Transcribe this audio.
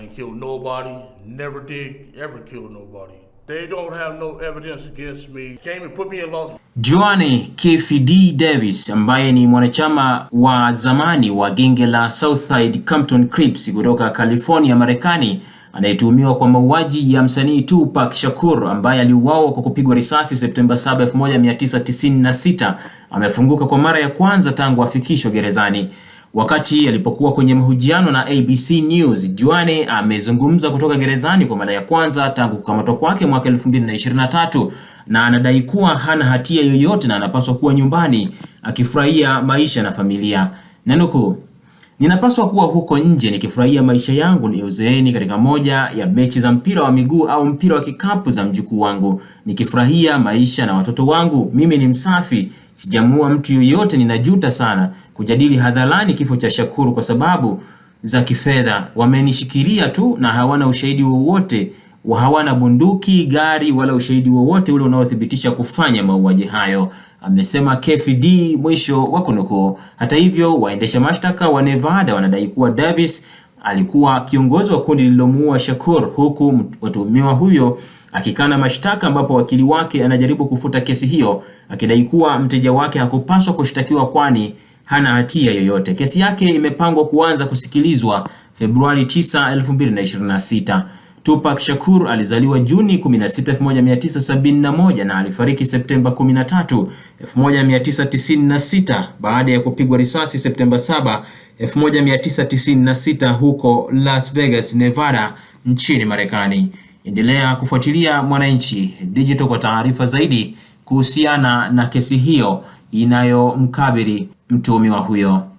I ain't killed nobody, never did ever kill nobody. They don't have no evidence against me. Came and put me in Los Joanne KFD Davis ambaye ni mwanachama wa zamani wa genge la Southside Compton Crips kutoka California, Marekani anayetuhumiwa kwa mauaji ya msanii Tupac Shakur ambaye aliuawa kwa kupigwa risasi Septemba 7, 1996 amefunguka kwa mara ya kwanza tangu afikishwe gerezani. Wakati alipokuwa kwenye mahojiano na ABC News, Juane amezungumza kutoka gerezani kwa mara ya kwanza tangu kukamatwa kwake mwaka 2023 na anadai kuwa hana hatia yoyote na anapaswa kuwa nyumbani akifurahia maisha na familia. Nanuku, ninapaswa kuwa huko nje nikifurahia maisha yangu ni uzeeni katika moja ya mechi za mpira wa miguu au mpira wa kikapu za mjukuu wangu, nikifurahia maisha na watoto wangu. Mimi ni msafi, sijamuua mtu yoyote, ninajuta sana kujadili hadharani kifo cha Shakuru kwa sababu za kifedha. Wamenishikilia tu na hawana ushahidi wowote, hawana bunduki, gari wala ushahidi wowote ule unaothibitisha kufanya mauaji hayo, amesema KFD. Mwisho wa kunukuu. Hata hivyo, waendesha mashtaka wa Nevada wanadai kuwa Davis alikuwa kiongozi wa kundi lililomuua Shakur, huku mtuhumiwa huyo akikana mashtaka, ambapo wakili wake anajaribu kufuta kesi hiyo akidai kuwa mteja wake hakupaswa kushtakiwa kwani hana hatia yoyote. Kesi yake imepangwa kuanza kusikilizwa Februari 9, 2026. Tupac Shakur alizaliwa Juni 16, 1971 na alifariki Septemba 13, 1996 baada ya kupigwa risasi Septemba 7, 1996 huko Las Vegas, Nevada nchini Marekani. Endelea kufuatilia Mwananchi Digital kwa taarifa zaidi kuhusiana na kesi hiyo inayomkabili mtuhumiwa huyo.